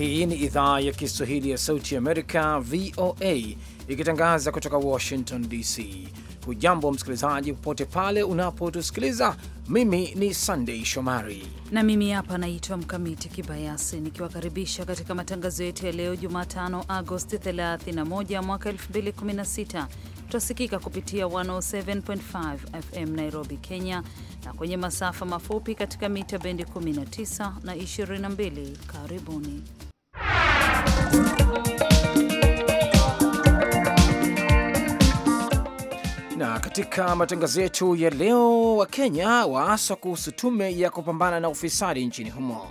Hii ni idhaa ya Kiswahili ya Sauti Amerika, VOA, ikitangaza kutoka Washington DC. Hujambo msikilizaji, popote pale unapotusikiliza. Mimi ni Sandei Shomari na mimi hapa naitwa Mkamiti Kibayasi, nikiwakaribisha katika matangazo yetu ya leo Jumatano, Agosti 31 mwaka 2016. Tutasikika kupitia 107.5 FM Nairobi, Kenya, na kwenye masafa mafupi katika mita bendi 19 na 22. Karibuni. Na katika matangazo yetu ya leo, Wakenya waaswa kuhusu tume ya kupambana na ufisadi nchini humo.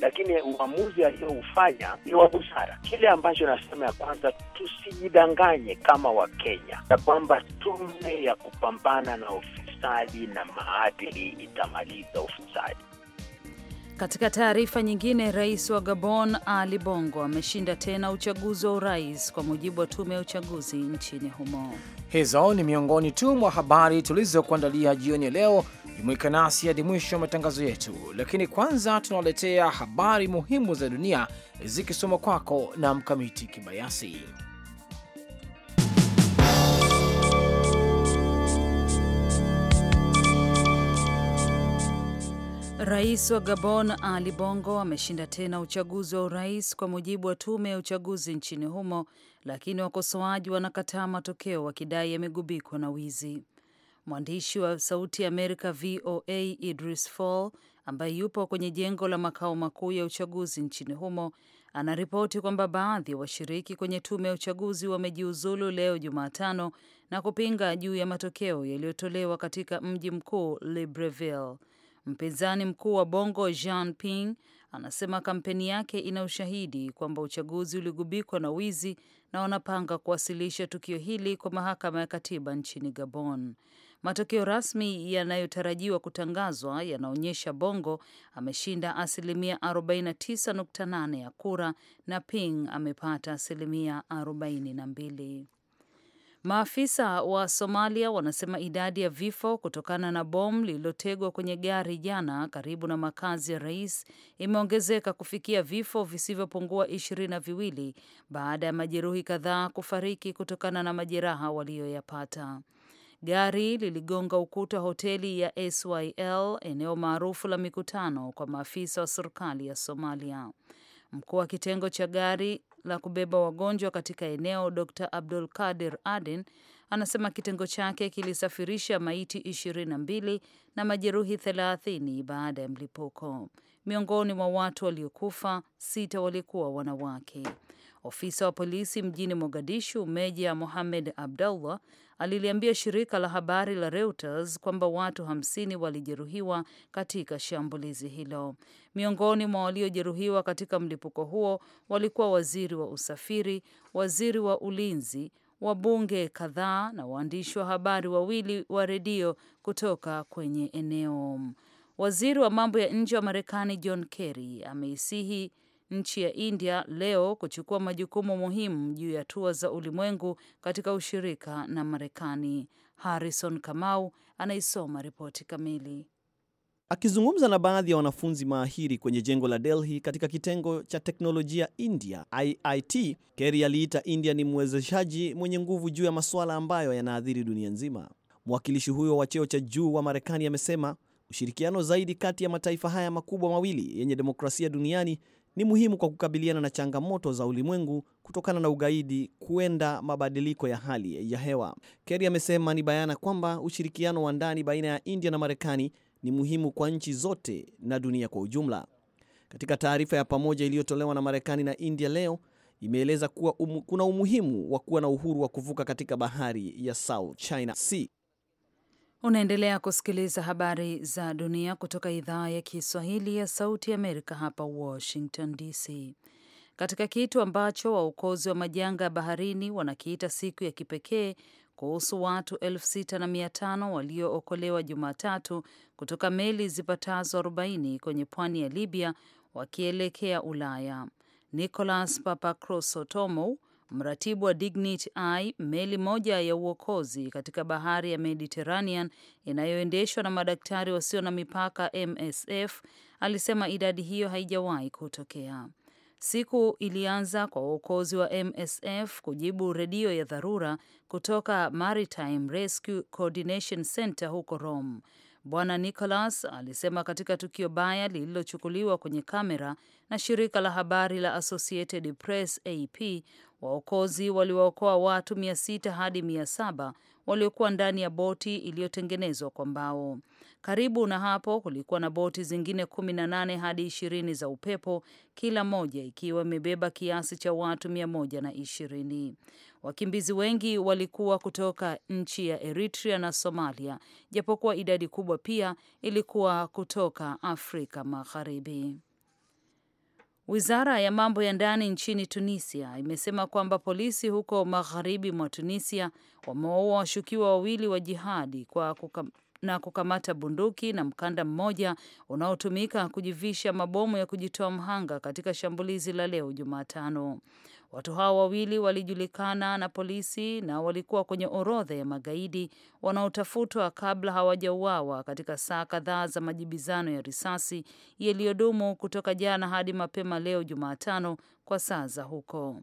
Lakini uamuzi aliyoufanya ni wa busara. Kile ambacho nasema ya kwanza, tusijidanganye kama Wakenya na kwamba tume ya kupambana na ufisadi na maadili itamaliza ufisadi. Katika taarifa nyingine, rais wa Gabon Ali Bongo ameshinda tena uchaguzi wa urais kwa mujibu wa tume ya uchaguzi nchini humo. Hizo ni miongoni tu mwa habari tulizokuandalia jioni ya leo. Jumuika nasi hadi mwisho wa matangazo yetu, lakini kwanza tunawaletea habari muhimu za dunia zikisoma kwako na Mkamiti Kibayasi. Rais wa Gabon Ali Bongo ameshinda tena uchaguzi wa urais kwa mujibu wa tume ya uchaguzi nchini humo, lakini wakosoaji wanakataa matokeo wakidai yamegubikwa na wizi. Mwandishi wa Sauti ya Amerika VOA Idris Fall ambaye yupo kwenye jengo la makao makuu ya uchaguzi nchini humo anaripoti kwamba baadhi ya wa washiriki kwenye tume ya uchaguzi wamejiuzulu leo Jumatano na kupinga juu ya matokeo yaliyotolewa katika mji mkuu Libreville. Mpinzani mkuu wa Bongo Jean Ping anasema kampeni yake ina ushahidi kwamba uchaguzi uligubikwa na wizi na wanapanga kuwasilisha tukio hili kwa mahakama ya katiba nchini Gabon. Matokeo rasmi yanayotarajiwa kutangazwa yanaonyesha Bongo ameshinda asilimia 49.8 ya kura na Ping amepata asilimia 42. Maafisa wa Somalia wanasema idadi ya vifo kutokana na bomu lililotegwa kwenye gari jana karibu na makazi ya rais imeongezeka kufikia vifo visivyopungua ishirini na viwili baada ya majeruhi kadhaa kufariki kutokana na majeraha waliyoyapata. Gari liligonga ukuta hoteli ya Syl, eneo maarufu la mikutano kwa maafisa wa serikali ya Somalia. Mkuu wa kitengo cha gari la kubeba wagonjwa katika eneo, Dr Abdul Kadir Aden anasema kitengo chake kilisafirisha maiti ishirini na mbili na majeruhi thelathini baada ya mlipuko. Miongoni mwa watu waliokufa sita walikuwa wanawake. Ofisa wa polisi mjini Mogadishu, Meja Mohamed Abdullah aliliambia shirika la habari la Reuters kwamba watu hamsini walijeruhiwa katika shambulizi hilo. Miongoni mwa waliojeruhiwa katika mlipuko huo walikuwa waziri wa usafiri, waziri wa ulinzi, wabunge kadhaa na waandishi wa habari wawili wa redio kutoka kwenye eneo. Waziri wa mambo ya nje wa Marekani John Kerry ameisihi nchi ya India leo kuchukua majukumu muhimu juu ya hatua za ulimwengu katika ushirika na Marekani. Harrison Kamau anaisoma ripoti kamili. Akizungumza na baadhi ya wanafunzi maahiri kwenye jengo la Delhi katika kitengo cha teknolojia India IIT, Kerry aliita India ni mwezeshaji mwenye nguvu juu ya masuala ambayo yanaathiri dunia nzima. Mwakilishi huyo wa cheo cha juu wa Marekani amesema ushirikiano zaidi kati ya mataifa haya makubwa mawili yenye demokrasia duniani ni muhimu kwa kukabiliana na changamoto za ulimwengu kutokana na ugaidi kuenda mabadiliko ya hali ya hewa. Kerry amesema ni bayana kwamba ushirikiano wa ndani baina ya India na Marekani ni muhimu kwa nchi zote na dunia kwa ujumla. Katika taarifa ya pamoja iliyotolewa na Marekani na India leo imeeleza kuwa umu, kuna umuhimu wa kuwa na uhuru wa kuvuka katika bahari ya South China Sea. Unaendelea kusikiliza habari za dunia kutoka idhaa ya Kiswahili ya Sauti ya Amerika hapa Washington DC. Katika kitu ambacho waokozi wa majanga ya baharini wanakiita siku ya kipekee kuhusu watu elfu waliookolewa Jumatatu kutoka meli zipatazo 40 kwenye pwani ya Libya wakielekea Ulaya. Nicolas Papakrosotomo, Mratibu wa dignit I, meli moja ya uokozi katika bahari ya Mediterranean inayoendeshwa na madaktari wasio na mipaka MSF, alisema idadi hiyo haijawahi kutokea. Siku ilianza kwa uokozi wa MSF kujibu redio ya dharura kutoka Maritime Rescue Coordination Center huko Rome. Bwana Nicholas alisema katika tukio baya lililochukuliwa kwenye kamera na shirika la habari la Associated Press AP Waokozi waliwaokoa watu mia sita hadi mia saba waliokuwa ndani ya boti iliyotengenezwa kwa mbao. Karibu na hapo kulikuwa na boti zingine kumi na nane hadi ishirini za upepo, kila moja ikiwa imebeba kiasi cha watu mia moja na ishirini. Wakimbizi wengi walikuwa kutoka nchi ya Eritrea na Somalia, japokuwa idadi kubwa pia ilikuwa kutoka Afrika Magharibi. Wizara ya mambo ya ndani nchini Tunisia imesema kwamba polisi huko magharibi mwa Tunisia wamewaua washukiwa wawili wa jihadi kwa kukam na kukamata bunduki na mkanda mmoja unaotumika kujivisha mabomu ya kujitoa mhanga katika shambulizi la leo Jumatano. Watu hao wawili walijulikana na polisi na walikuwa kwenye orodha ya magaidi wanaotafutwa kabla hawajauawa katika saa kadhaa za majibizano ya risasi yaliyodumu kutoka jana hadi mapema leo Jumatano kwa saa za huko.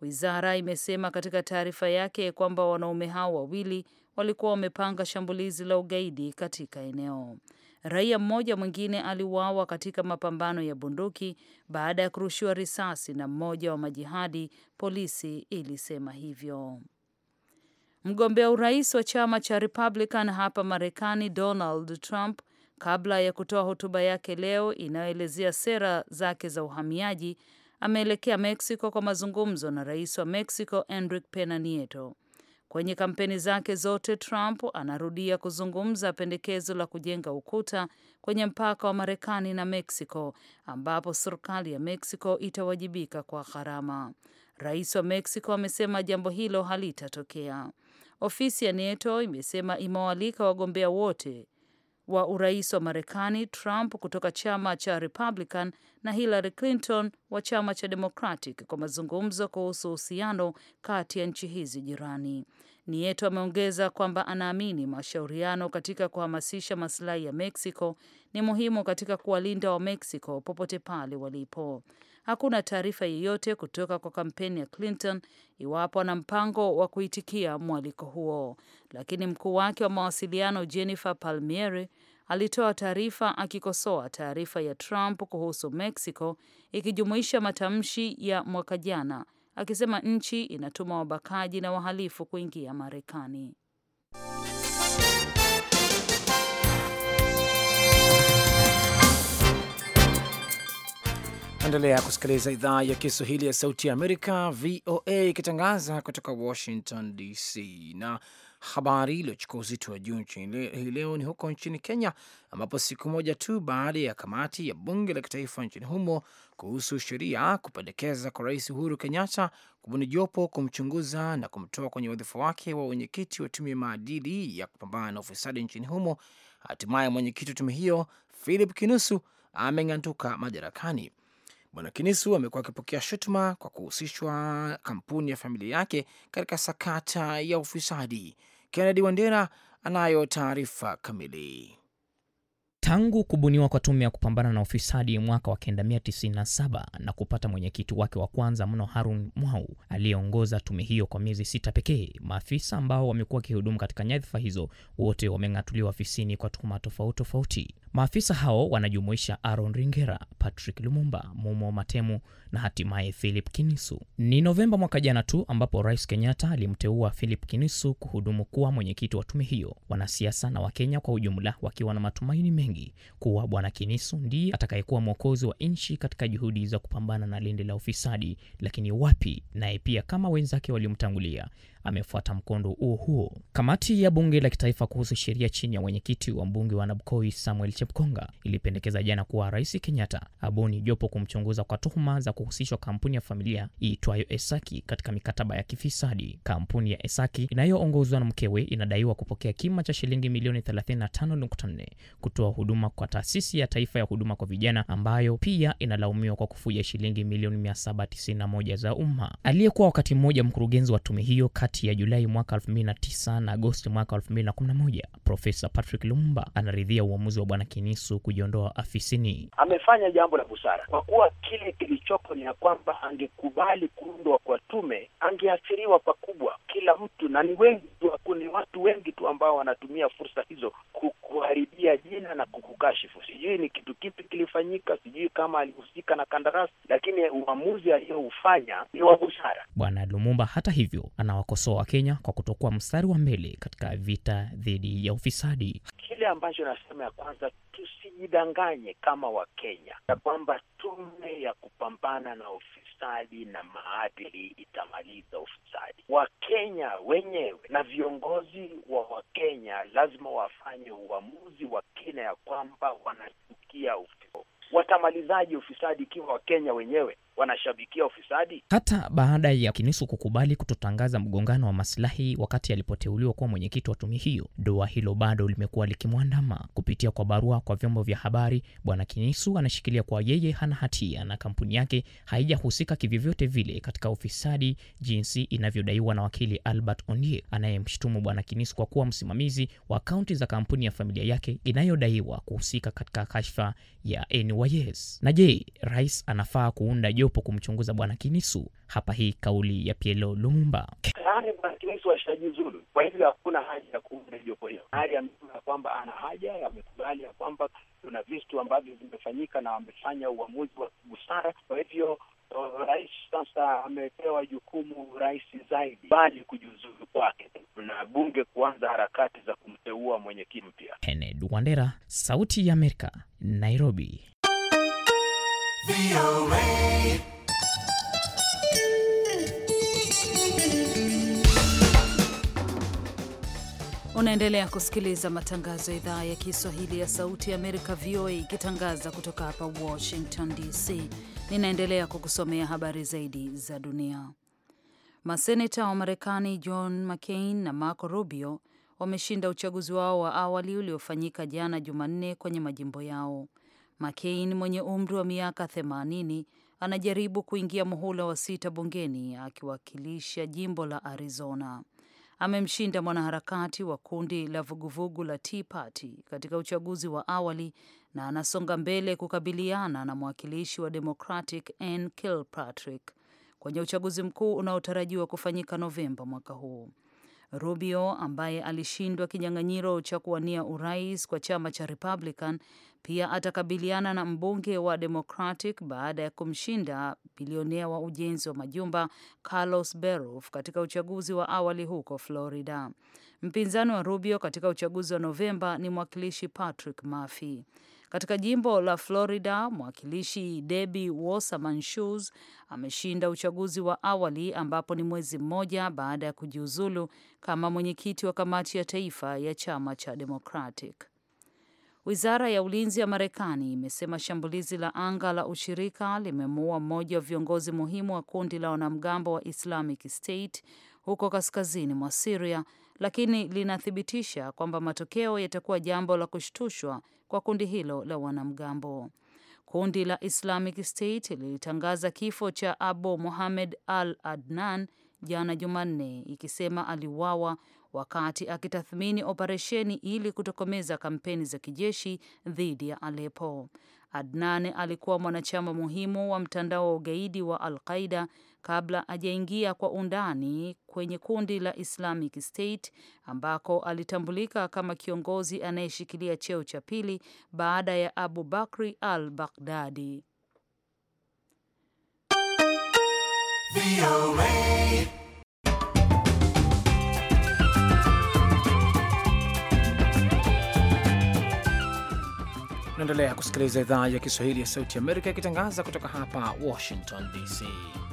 Wizara imesema katika taarifa yake kwamba wanaume hao wawili walikuwa wamepanga shambulizi la ugaidi katika eneo. Raia mmoja mwingine aliuawa katika mapambano ya bunduki baada ya kurushiwa risasi na mmoja wa majihadi, polisi ilisema hivyo. Mgombea urais wa chama cha Republican hapa Marekani, Donald Trump kabla ya kutoa hotuba yake leo inayoelezea sera zake za uhamiaji ameelekea Mexico kwa mazungumzo na rais wa Mexico Enrique Pena Nieto. Kwenye kampeni zake zote, Trump anarudia kuzungumza pendekezo la kujenga ukuta kwenye mpaka wa Marekani na Mexico ambapo serikali ya Mexico itawajibika kwa gharama. Rais wa Mexico amesema jambo hilo halitatokea. Ofisi ya NATO imesema imewaalika wagombea wote wa urais wa Marekani, Trump kutoka chama cha Republican na Hillary Clinton wa chama cha Democratic kwa mazungumzo kuhusu uhusiano kati ya nchi hizi jirani. Nieto ameongeza kwamba anaamini mashauriano katika kuhamasisha masilahi ya Mexico ni muhimu katika kuwalinda wa Mexico popote pale walipo. Hakuna taarifa yoyote kutoka kwa kampeni ya Clinton iwapo ana mpango wa kuitikia mwaliko huo, lakini mkuu wake wa mawasiliano Jennifer Palmieri alitoa taarifa akikosoa taarifa ya Trump kuhusu Mexico ikijumuisha matamshi ya mwaka jana akisema nchi inatuma wabakaji na wahalifu kuingia Marekani. Endelea kusikiliza idhaa ya Kiswahili ya Sauti ya Amerika, VOA, ikitangaza kutoka Washington DC. Na Habari iliyochukua uzito wa juu hii leo ni huko nchini Kenya, ambapo siku moja tu baada ya kamati ya bunge la kitaifa nchini humo kuhusu sheria kupendekeza kwa Rais Uhuru Kenyatta kubuni jopo kumchunguza na kumtoa kwenye wadhifa wake wa wenyekiti wa tume ya maadili ya kupambana na ufisadi nchini humo, hatimaye mwenyekiti wa tume hiyo Philip Kinusu ameng'atuka madarakani. Bwana Kinisu amekuwa akipokea shutuma kwa kuhusishwa kampuni ya familia yake katika sakata ya ufisadi Kennedy Wandera anayo taarifa kamili. Tangu kubuniwa kwa tume ya kupambana na ufisadi mwaka wa 1997 na kupata mwenyekiti wake wa kwanza mno Harun Mwau aliyeongoza tume hiyo kwa miezi sita pekee, maafisa ambao wamekuwa wakihudumu katika nyadhifa hizo wote wameng'atuliwa ofisini kwa tuhuma tofauti tofauti. Maafisa hao wanajumuisha Aaron Ringera, Patrick Lumumba, Mumo Matemu, na hatimaye Philip Kinisu. Ni Novemba mwaka jana tu ambapo Rais Kenyatta alimteua Philip Kinisu kuhudumu kuwa mwenyekiti wa tume hiyo, wanasiasa na Wakenya kwa ujumla wakiwa na matumaini mengi kuwa Bwana Kinisu ndiye atakayekuwa mwokozi wa nchi katika juhudi za kupambana na lindi la ufisadi. Lakini wapi, naye pia kama wenzake waliomtangulia amefuata mkondo huo huo. Kamati ya bunge la kitaifa kuhusu sheria chini ya mwenyekiti wa mbunge wa Nabukoi Samuel Chepkonga ilipendekeza jana kuwa Rais Kenyatta abuni jopo kumchunguza kwa tuhuma za kuhusishwa kampuni ya familia iitwayo Esaki katika mikataba ya kifisadi. Kampuni ya Esaki inayoongozwa na mkewe inadaiwa kupokea kima cha shilingi milioni 35.4 kutoa huduma kwa taasisi ya taifa ya huduma kwa vijana ambayo pia inalaumiwa kwa kufuja shilingi milioni 791 za umma. Aliyekuwa wakati mmoja mkurugenzi wa tume hiyo kati ya Julai mwaka 2009 na Agosti mwaka 2011, Profesa Patrick Lumumba anaridhia uamuzi wa Bwana Kinisu kujiondoa afisini. Amefanya jambo la busara kwa kuwa kile kilichopo ni ya kwamba angekubali kuundwa kwa tume, angeathiriwa pakubwa kila mtu, na ni wengi tu, ni watu wengi tu ambao wanatumia fursa hizo kuharibia jina na ku kukashifu. Sijui ni kitu kipi kilifanyika, sijui kama alihusika na kandarasi, lakini uamuzi aliyoufanya ni wa busara. Bwana Lumumba hata hivyo anawakosoa Wakenya kwa kutokuwa mstari wa mbele katika vita dhidi ya ufisadi. Kile ambacho nasema ya kwanza, tusijidanganye kama Wakenya ya kwamba tume ya kupambana na ufisadi ufisadi na maadili itamaliza ufisadi. Wakenya wenyewe na viongozi wa Wakenya lazima wafanye uamuzi wa kina ya kwamba wanachukia ufisadi. Watamalizaji ufisadi ikiwa Wakenya wenyewe wanashabikia ufisadi. Hata baada ya Kinisu kukubali kutotangaza mgongano wa masilahi wakati alipoteuliwa kuwa mwenyekiti wa tume hiyo, doa hilo bado limekuwa likimwandama. Kupitia kwa barua kwa vyombo vya habari, Bwana Kinisu anashikilia kuwa yeye hana hatia na kampuni yake haijahusika kivyovyote vile katika ufisadi jinsi inavyodaiwa na wakili Albert Onie anayemshutumu Bwana Kinisu kwa kuwa msimamizi wa akaunti za kampuni ya familia yake inayodaiwa kuhusika katika kashfa ya NYS. Na je, rais anafaa kuunda jopo kumchunguza bwana Kinisu. Hapa hii kauli ya Pielo Lumumba. Tayari bwana Kinisu ashajizulu, kwa hivyo hakuna haja ya kuunda jopo hilo. Tayari amesema kwamba ana haja, amekubali ya kwamba kuna vitu ambavyo vimefanyika na amefanya uamuzi wa busara. Kwa hivyo uh, rais sasa amepewa jukumu rahisi zaidi, bali kujiuzulu kwake na bunge kuanza harakati za kumteua mwenyekiti mpya. Kennedy Wandera, Sauti ya Amerika, Nairobi. Unaendelea kusikiliza matangazo ya idhaa ya Kiswahili ya Sauti ya Amerika, VOA, ikitangaza kutoka hapa Washington DC. Ninaendelea kukusomea habari zaidi za dunia. Maseneta wa Marekani John McCain na Marco Rubio wameshinda uchaguzi wao wa awali uliofanyika jana Jumanne kwenye majimbo yao. McCain mwenye umri wa miaka 80 anajaribu kuingia muhula wa sita bungeni akiwakilisha jimbo la Arizona. Amemshinda mwanaharakati wa kundi la vuguvugu la Tea Party katika uchaguzi wa awali na anasonga mbele kukabiliana na mwakilishi wa Democratic Ann Kilpatrick kwenye uchaguzi mkuu unaotarajiwa kufanyika Novemba mwaka huu. Rubio ambaye alishindwa kinyang'anyiro cha kuwania urais kwa chama cha Republican pia atakabiliana na mbunge wa Democratic baada ya kumshinda bilionea wa ujenzi wa majumba Carlos Beruf katika uchaguzi wa awali huko Florida. Mpinzani wa Rubio katika uchaguzi wa Novemba ni mwakilishi Patrick Murphy. Katika jimbo la Florida, mwakilishi Debbie Wasserman Schultz ameshinda uchaguzi wa awali ambapo ni mwezi mmoja baada ya kujiuzulu kama mwenyekiti wa kamati ya taifa ya chama cha Democratic. Wizara ya ulinzi ya Marekani imesema shambulizi la anga la ushirika limemuua mmoja wa viongozi muhimu wa kundi la wanamgambo wa Islamic State huko kaskazini mwa Siria, lakini linathibitisha kwamba matokeo yatakuwa jambo la kushtushwa kwa kundi hilo la wanamgambo. Kundi la Islamic State lilitangaza kifo cha Abu Muhamed Al Adnan jana Jumanne, ikisema aliuawa wakati akitathmini operesheni ili kutokomeza kampeni za kijeshi dhidi ya Aleppo. Adnan alikuwa mwanachama muhimu wa mtandao wa ugaidi wa Al-Qaida kabla ajaingia kwa undani kwenye kundi la Islamic State ambako alitambulika kama kiongozi anayeshikilia cheo cha pili baada ya Abu Bakri al-Baghdadi. Unaendelea kusikiliza idhaa ya Kiswahili ya Sauti Amerika ikitangaza kutoka hapa Washington DC.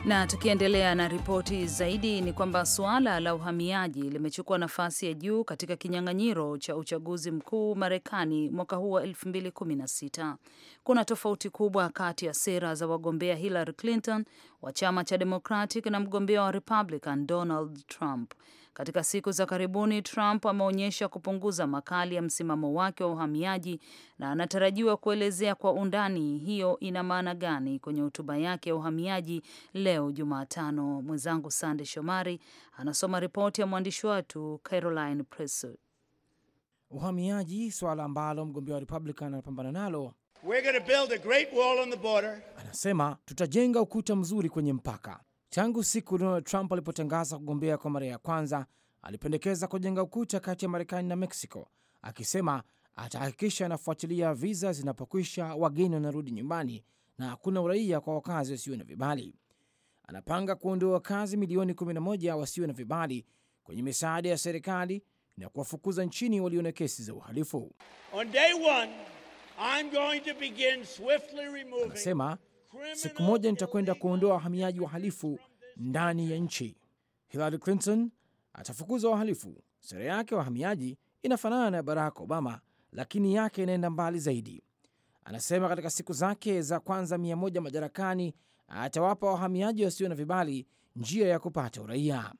Na tukiendelea na ripoti zaidi, ni kwamba suala la uhamiaji limechukua nafasi ya juu katika kinyang'anyiro cha uchaguzi mkuu Marekani mwaka huu wa 2016. Kuna tofauti kubwa kati ya sera za wagombea Hillary Clinton wa chama cha Democratic na mgombea wa Republican Donald Trump. Katika siku za karibuni, Trump ameonyesha kupunguza makali ya msimamo wake wa uhamiaji na anatarajiwa kuelezea kwa undani hiyo ina maana gani kwenye hotuba yake ya uhamiaji leo Jumatano. Mwenzangu Sande Shomari anasoma ripoti ya mwandishi wetu Caroline Press. Uhamiaji, swala ambalo mgombea wa Republican anapambana nalo, anasema tutajenga ukuta mzuri kwenye mpaka Tangu siku Donald Trump alipotangaza kugombea kwa mara ya kwanza, alipendekeza kujenga ukuta kati ya Marekani na Meksiko, akisema atahakikisha anafuatilia viza zinapokwisha, wageni wanarudi nyumbani na hakuna uraia kwa wakazi wasio na vibali. Anapanga kuondoa wakazi milioni 11 wasio na vibali kwenye misaada ya serikali na kuwafukuza nchini walio na kesi za uhalifu. Anasema siku moja nitakwenda kuondoa wahamiaji wahalifu ndani ya nchi. Hillary Clinton atafukuza wahalifu. Sera yake wahamiaji inafanana na Barack Obama, lakini yake inaenda mbali zaidi. Anasema katika siku zake za kwanza mia moja madarakani atawapa wahamiaji wasio na vibali njia ya kupata uraia.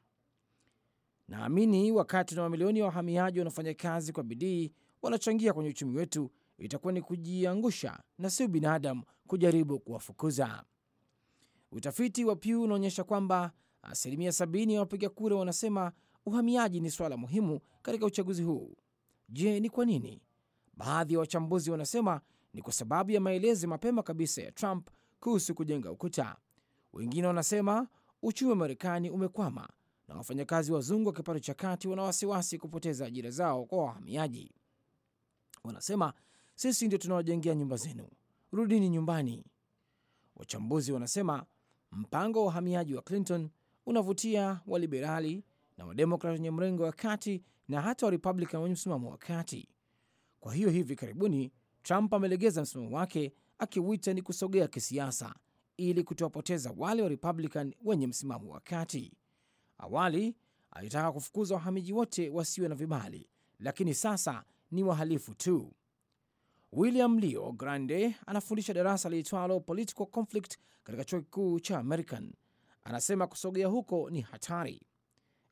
Naamini wakati na mamilioni ya wahamiaji wanaofanya kazi kwa bidii wanachangia kwenye uchumi wetu itakuwa ni kujiangusha na sio binadamu kujaribu kuwafukuza. Utafiti wa Pew unaonyesha kwamba asilimia sabini ya wapiga kura wanasema uhamiaji ni swala muhimu katika uchaguzi huu. Je, ni kwa nini? Baadhi ya wachambuzi wanasema ni kwa sababu ya maelezo mapema kabisa ya Trump kuhusu kujenga ukuta. Wengine wanasema uchumi wa Marekani umekwama na wafanyakazi wazungu wa kipato cha kati wana wasiwasi kupoteza ajira zao kwa wahamiaji. Wanasema sisi ndio tunawajengea nyumba zenu, rudini nyumbani. Wachambuzi wanasema mpango wa uhamiaji wa Clinton unavutia waliberali na wademokrat wenye mrengo wa kati na hata warepublican wenye msimamo wa kati. Kwa hiyo hivi karibuni Trump amelegeza msimamo wake, akiwita ni kusogea kisiasa ili kutowapoteza wale wa Republican wenye msimamo wa kati. Awali alitaka kufukuza wahamiaji wote wasiwe na vibali, lakini sasa ni wahalifu tu. William Leo Grande anafundisha darasa liitwalo Political Conflict katika chuo kikuu cha American. Anasema kusogea huko ni hatari.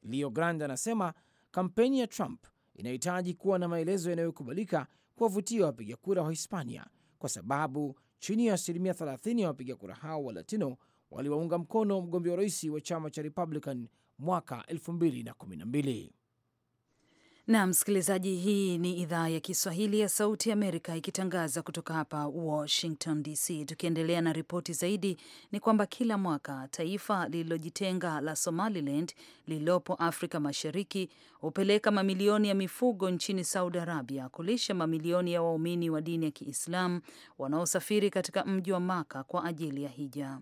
Leo Grande anasema kampeni ya Trump inahitaji kuwa na maelezo yanayokubalika kuwavutia wapiga kura wa Hispania, kwa sababu chini ya asilimia 30 ya wapiga kura hao wa Latino waliwaunga mkono mgombea wa rais wa chama cha Republican mwaka 2012. Na msikilizaji, hii ni idhaa ya Kiswahili ya Sauti Amerika ikitangaza kutoka hapa Washington DC. Tukiendelea na ripoti zaidi, ni kwamba kila mwaka taifa lililojitenga la Somaliland lililopo Afrika Mashariki hupeleka mamilioni ya mifugo nchini Saudi Arabia kulisha mamilioni ya waumini wa dini ya Kiislamu wanaosafiri katika mji wa Maka kwa ajili ya hija.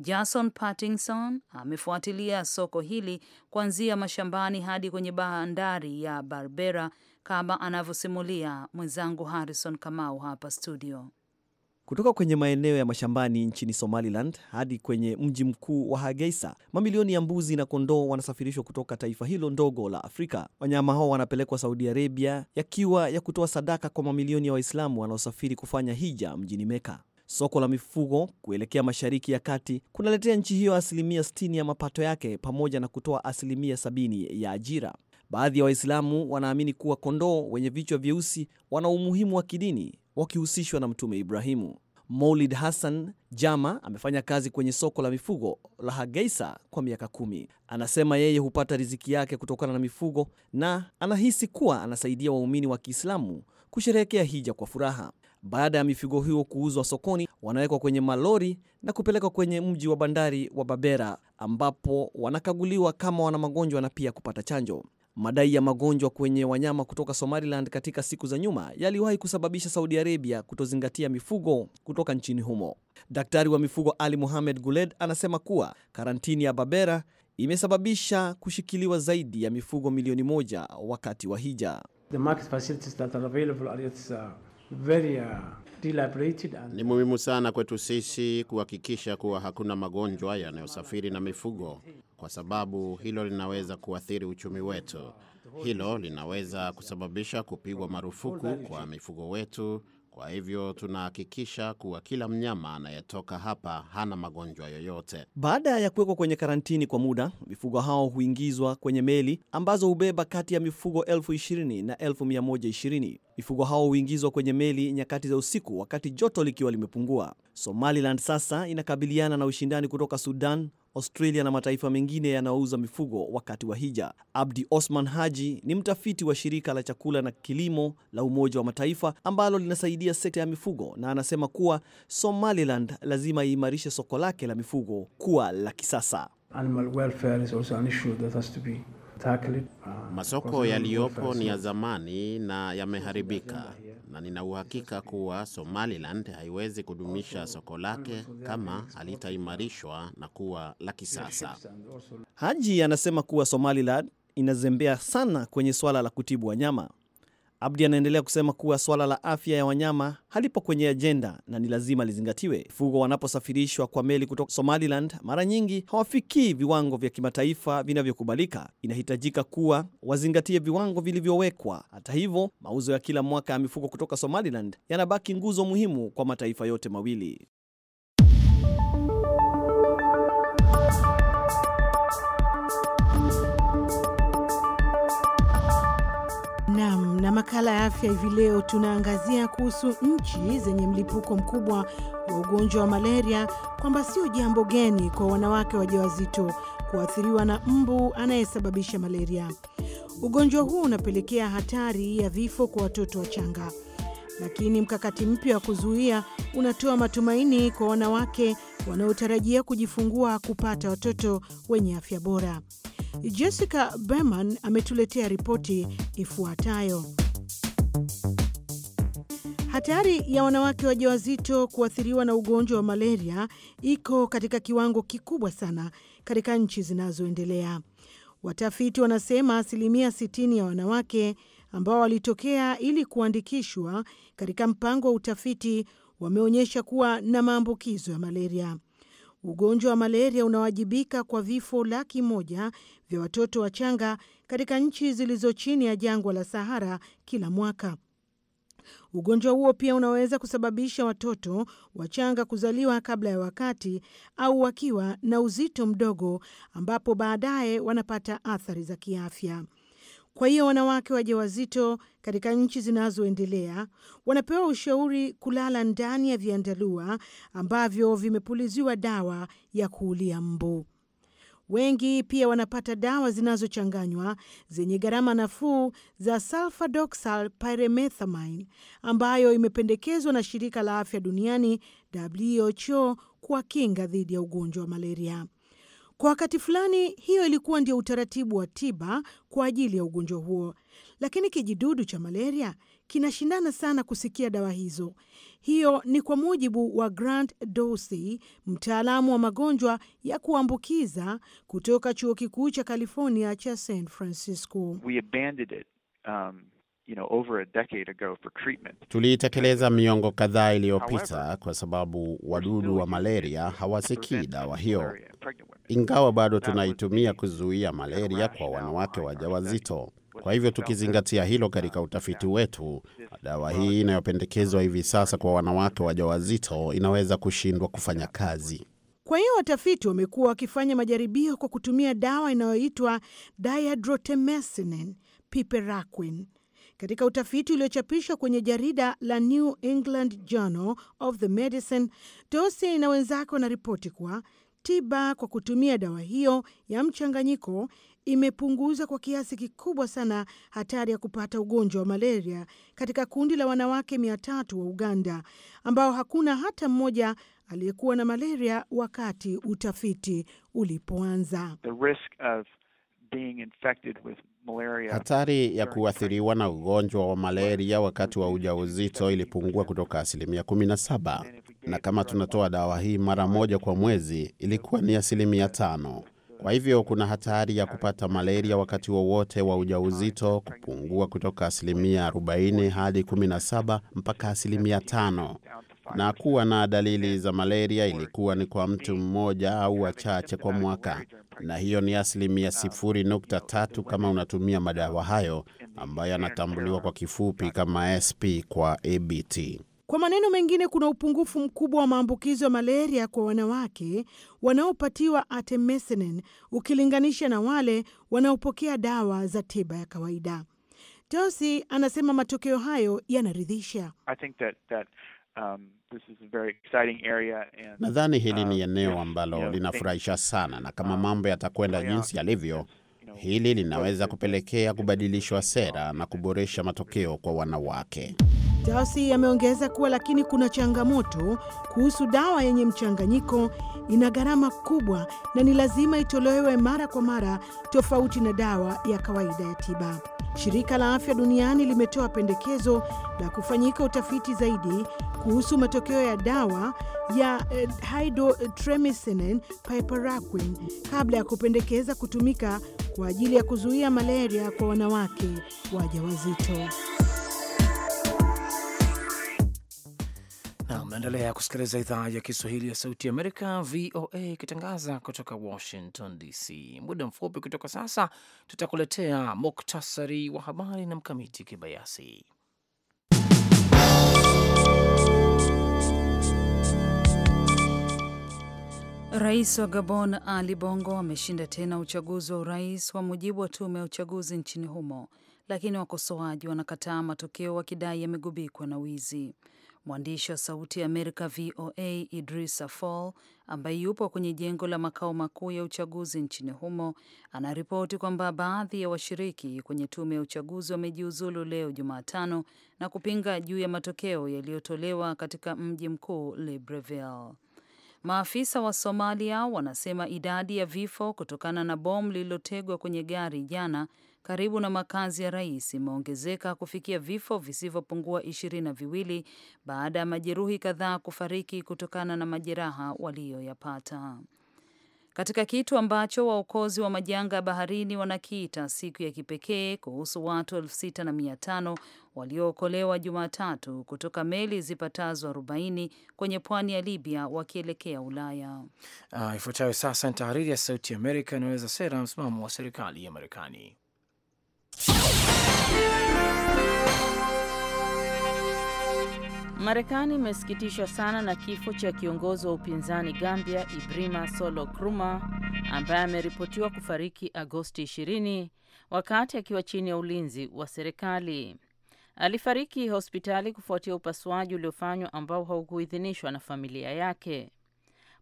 Jason Pattinson amefuatilia soko hili kuanzia mashambani hadi kwenye bandari ya Barbera kama anavyosimulia mwenzangu Harrison Kamau hapa studio. Kutoka kwenye maeneo ya mashambani nchini Somaliland hadi kwenye mji mkuu wa hageisa mamilioni ya mbuzi na kondoo wanasafirishwa kutoka taifa hilo ndogo la Afrika. Wanyama hao wanapelekwa Saudi Arabia, yakiwa ya kutoa sadaka kwa mamilioni ya Waislamu wanaosafiri kufanya hija mjini Meka. Soko la mifugo kuelekea Mashariki ya Kati kunaletea nchi hiyo asilimia 60 ya mapato yake pamoja na kutoa asilimia 70 ya ajira. Baadhi ya Waislamu wanaamini kuwa kondoo wenye vichwa vyeusi wana umuhimu wa kidini wakihusishwa na Mtume Ibrahimu. Maulid Hassan Jama amefanya kazi kwenye soko la mifugo la Hageisa kwa miaka kumi. Anasema yeye hupata riziki yake kutokana na mifugo na anahisi kuwa anasaidia waumini wa Kiislamu kusherehekea hija kwa furaha. Baada ya mifugo hiyo kuuzwa sokoni, wanawekwa kwenye malori na kupelekwa kwenye mji wa bandari wa Babera ambapo wanakaguliwa kama wana magonjwa na pia kupata chanjo. Madai ya magonjwa kwenye wanyama kutoka Somaliland katika siku za nyuma yaliwahi kusababisha Saudi Arabia kutozingatia mifugo kutoka nchini humo. Daktari wa mifugo Ali muhamed Guled anasema kuwa karantini ya Babera imesababisha kushikiliwa zaidi ya mifugo milioni moja wakati wa hija. The very, uh, ni muhimu sana kwetu sisi kuhakikisha kuwa hakuna magonjwa yanayosafiri na mifugo, kwa sababu hilo linaweza kuathiri uchumi wetu. Hilo linaweza kusababisha kupigwa marufuku kwa mifugo wetu kwa hivyo tunahakikisha kuwa kila mnyama anayetoka hapa hana magonjwa yoyote. Baada ya kuwekwa kwenye karantini kwa muda, mifugo hao huingizwa kwenye meli ambazo hubeba kati ya mifugo elfu ishirini na elfu mia moja ishirini. Mifugo hao huingizwa kwenye meli nyakati za usiku, wakati joto likiwa limepungua. Somaliland sasa inakabiliana na ushindani kutoka Sudan, Australia na mataifa mengine yanayouza mifugo wakati wa hija. Abdi Osman Haji ni mtafiti wa shirika la chakula na kilimo la Umoja wa Mataifa ambalo linasaidia sekta ya mifugo, na anasema kuwa Somaliland lazima iimarishe soko lake la mifugo kuwa la kisasa. Animal welfare is also an issue that has to be Ah, ah, masoko yaliyopo ni ya zamani na yameharibika, na nina uhakika kuwa Somaliland haiwezi kudumisha soko lake kama halitaimarishwa na kuwa la kisasa. Haji anasema kuwa Somaliland inazembea sana kwenye suala la kutibu wanyama. Abdi anaendelea kusema kuwa swala la afya ya wanyama halipo kwenye ajenda na ni lazima lizingatiwe. Mifugo wanaposafirishwa kwa meli kutoka Somaliland mara nyingi hawafikii viwango vya kimataifa vinavyokubalika. Inahitajika kuwa wazingatie viwango vilivyowekwa. Hata hivyo, mauzo ya kila mwaka ya mifugo kutoka Somaliland yanabaki nguzo muhimu kwa mataifa yote mawili. makala ya afya hivi leo tunaangazia kuhusu nchi zenye mlipuko mkubwa wa ugonjwa wa malaria, kwamba sio jambo geni kwa wanawake wajawazito kuathiriwa na mbu anayesababisha malaria. Ugonjwa huu unapelekea hatari ya vifo kwa watoto wachanga, lakini mkakati mpya wa kuzuia unatoa matumaini kwa wanawake wanaotarajia kujifungua kupata watoto wenye afya bora. Jessica Berman ametuletea ripoti ifuatayo. Hatari ya wanawake wajawazito kuathiriwa na ugonjwa wa malaria iko katika kiwango kikubwa sana katika nchi zinazoendelea. Watafiti wanasema asilimia 60 ya wanawake ambao walitokea ili kuandikishwa katika mpango wa utafiti wameonyesha kuwa na maambukizo ya malaria ugonjwa wa malaria unawajibika kwa vifo laki moja vya watoto wachanga katika nchi zilizo chini ya jangwa la Sahara kila mwaka. Ugonjwa huo pia unaweza kusababisha watoto wachanga kuzaliwa kabla ya wakati au wakiwa na uzito mdogo, ambapo baadaye wanapata athari za kiafya. Kwa hiyo wanawake wajawazito katika nchi zinazoendelea wanapewa ushauri kulala ndani ya viandalua ambavyo vimepuliziwa dawa ya kuulia mbu. Wengi pia wanapata dawa zinazochanganywa zenye gharama nafuu za sulfadoxal pyrimethamine ambayo imependekezwa na shirika la afya duniani WHO kwa kinga dhidi ya ugonjwa wa malaria. Kwa wakati fulani, hiyo ilikuwa ndio utaratibu wa tiba kwa ajili ya ugonjwa huo, lakini kijidudu cha malaria kinashindana sana kusikia dawa hizo. Hiyo ni kwa mujibu wa Grant Dorsey, mtaalamu wa magonjwa ya kuambukiza kutoka chuo kikuu cha California cha San Francisco. We abandoned it, um, you know, over a decade ago for treatment. Tuliitekeleza uh, miongo kadhaa iliyopita kwa sababu wadudu wa malaria hawasikii dawa hiyo, ingawa bado tunaitumia kuzuia malaria kwa wanawake wajawazito. Kwa hivyo tukizingatia hilo katika uh, utafiti wetu, dawa hii inayopendekezwa hivi sasa kwa wanawake wajawazito inaweza kushindwa kufanya kazi. Kwa hiyo watafiti wamekuwa wakifanya majaribio kwa kutumia dawa inayoitwa diadrotemesinin piperaquine katika utafiti uliochapishwa kwenye jarida la New England Journal of the Medicine, Dosi na wenzake wanaripoti kuwa tiba kwa kutumia dawa hiyo ya mchanganyiko imepunguza kwa kiasi kikubwa sana hatari ya kupata ugonjwa wa malaria katika kundi la wanawake mia tatu wa Uganda ambao hakuna hata mmoja aliyekuwa na malaria wakati utafiti ulipoanza. The risk of being infected with Hatari ya kuathiriwa na ugonjwa wa malaria wakati wa ujauzito ilipungua kutoka asilimia 17, na kama tunatoa dawa hii mara moja kwa mwezi ilikuwa ni asilimia tano. Kwa hivyo kuna hatari ya kupata malaria wakati wowote wa, wa ujauzito kupungua kutoka asilimia 40 hadi 17 mpaka asilimia tano na kuwa na dalili za malaria ilikuwa ni kwa mtu mmoja au wachache kwa mwaka na hiyo ni asilimia sifuri nukta tatu kama unatumia madawa hayo ambayo yanatambuliwa kwa kifupi kama SP kwa ABT. Kwa maneno mengine, kuna upungufu mkubwa wa maambukizo ya malaria kwa wanawake wanaopatiwa artemisinin ukilinganisha na wale wanaopokea dawa za tiba ya kawaida. tosi anasema matokeo hayo yanaridhisha. Um, this is a very exciting area and, nadhani hili ni um, eneo ambalo linafurahisha sana na kama um, mambo yatakwenda jinsi yalivyo, hili linaweza kupelekea kubadilishwa sera na kuboresha matokeo kwa wanawake. Dasi ameongeza kuwa, lakini kuna changamoto kuhusu dawa yenye mchanganyiko, ina gharama kubwa na ni lazima itolewe mara kwa mara, tofauti na dawa ya kawaida ya tiba. Shirika la Afya Duniani limetoa pendekezo la kufanyika utafiti zaidi kuhusu matokeo ya dawa ya eh, hydroxystromycin piperaquine kabla ya kupendekeza kutumika kwa ajili ya kuzuia malaria kwa wanawake wajawazito. ya kusikiliza idhaa ya Kiswahili ya Sauti ya Amerika, VOA, ikitangaza kutoka Washington DC. Muda mfupi kutoka sasa, tutakuletea muktasari wa habari na Mkamiti Kibayasi. Rais wa Gabon Ali Bongo ameshinda tena uchaguzi wa urais kwa mujibu wa tume ya uchaguzi nchini humo, lakini wakosoaji wanakataa matokeo wakidai yamegubikwa na wizi. Mwandishi wa Sauti ya Amerika VOA Idrisa Fall, ambaye yupo kwenye jengo la makao makuu ya uchaguzi nchini humo, anaripoti kwamba baadhi ya washiriki kwenye tume ya uchaguzi wamejiuzulu leo Jumatano na kupinga juu ya matokeo yaliyotolewa katika mji mkuu Libreville. Maafisa wa Somalia wanasema idadi ya vifo kutokana na bomu lililotegwa kwenye gari jana karibu na makazi ya rais imeongezeka kufikia vifo visivyopungua ishirini na viwili baada ya majeruhi kadhaa kufariki kutokana na majeraha waliyoyapata. Katika kitu ambacho waokozi wa majanga ya baharini wanakiita siku ya kipekee kuhusu watu elfu waliookolewa Jumatatu kutoka meli zipatazo 40 kwenye pwani ya Libya wakielekea Ulaya. Uh, ifuatayo sasa ni tahariri ya Sauti Amerika inaweza sera msimamo wa serikali ya Marekani. Marekani imesikitishwa sana na kifo cha kiongozi wa upinzani Gambia Ibrima Solo Kruma ambaye ameripotiwa kufariki Agosti 20 wakati akiwa chini ya ulinzi wa serikali. Alifariki hospitali kufuatia upasuaji uliofanywa ambao haukuidhinishwa na familia yake.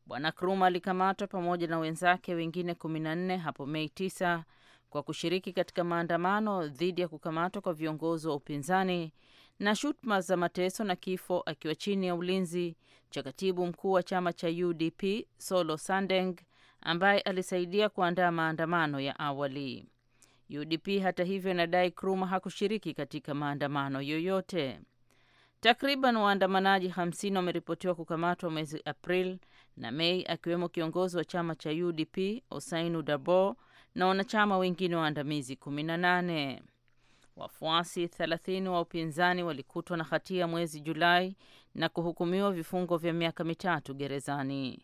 Bwana Kruma alikamatwa pamoja na wenzake wengine 14 hapo Mei 9 kwa kushiriki katika maandamano dhidi ya kukamatwa kwa viongozi wa upinzani na shutuma za mateso na kifo akiwa chini ya ulinzi cha katibu mkuu wa chama cha UDP Solo Sandeng ambaye alisaidia kuandaa maandamano ya awali. UDP hata hivyo inadai Kruma hakushiriki katika maandamano yoyote. Takriban waandamanaji 50 wameripotiwa kukamatwa mwezi april na Mei, akiwemo kiongozi wa chama cha UDP Osainu Dabo na wanachama wengine waandamizi 18. Wafuasi 30 wa upinzani walikutwa na hatia mwezi Julai na kuhukumiwa vifungo vya miaka mitatu gerezani.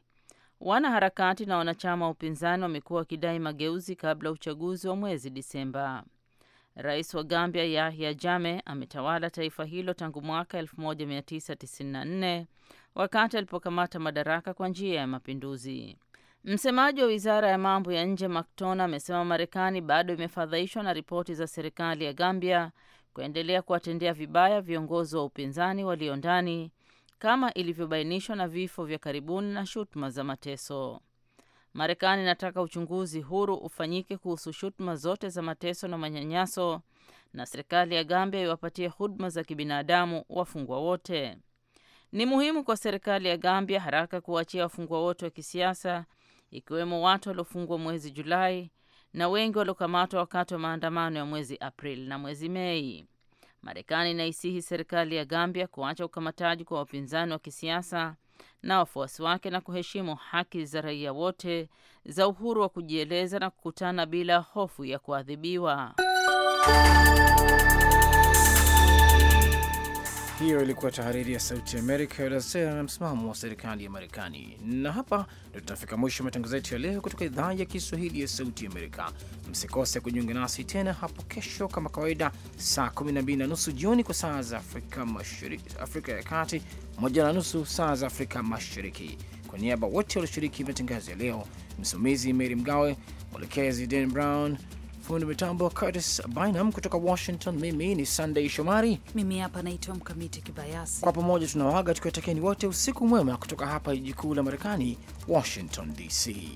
Wanaharakati na wanachama wa upinzani wamekuwa wakidai mageuzi kabla ya uchaguzi wa mwezi Disemba. Rais wa Gambia Yahya Jammeh ametawala taifa hilo tangu mwaka 1994 wakati alipokamata madaraka kwa njia ya mapinduzi. Msemaji wa wizara ya mambo ya nje Mactona amesema Marekani bado imefadhaishwa na ripoti za serikali ya Gambia kuendelea kuwatendea vibaya viongozi wa upinzani walio ndani kama ilivyobainishwa na vifo vya karibuni na shutuma za mateso. Marekani inataka uchunguzi huru ufanyike kuhusu shutuma zote za mateso na manyanyaso, na serikali ya Gambia iwapatie huduma za kibinadamu wafungwa wote. Ni muhimu kwa serikali ya Gambia haraka kuwaachia wafungwa wote wa kisiasa ikiwemo watu waliofungwa mwezi Julai na wengi waliokamatwa wakati wa maandamano ya mwezi Aprili na mwezi Mei. Marekani inaisihi serikali ya Gambia kuacha ukamataji kwa wapinzani wa kisiasa na wafuasi wake na kuheshimu haki za raia wote za uhuru wa kujieleza na kukutana bila hofu ya kuadhibiwa. Hiyo ilikuwa tahariri ya Sauti Amerika lasea na msimamo wa serikali ya Marekani. Na hapa ndio mwisho matangazo yetu ya leo kutoka idhaa ya Kiswahili ya Sauti Amerika. Msikose kujiunga nasi tena hapo kesho kama kawaida, saa 12 na nusu jioni kwa saa za Afrika Mashariki, Afrika ya Kati, moja na nusu saa za Afrika Mashariki. Kwa niaba wote walioshiriki matangazo ya leo, msimamizi Meri Mgawe, mwelekezi Dan Brown, fundi mitambo Curtis Bynum kutoka Washington. Mimi ni Sunday Shomari, mimi hapa naitwa Mkamiti Kibayasi. Kwa pamoja tunawaaga tukiwatakieni wote usiku mwema kutoka hapa jiji kuu la Marekani, Washington DC.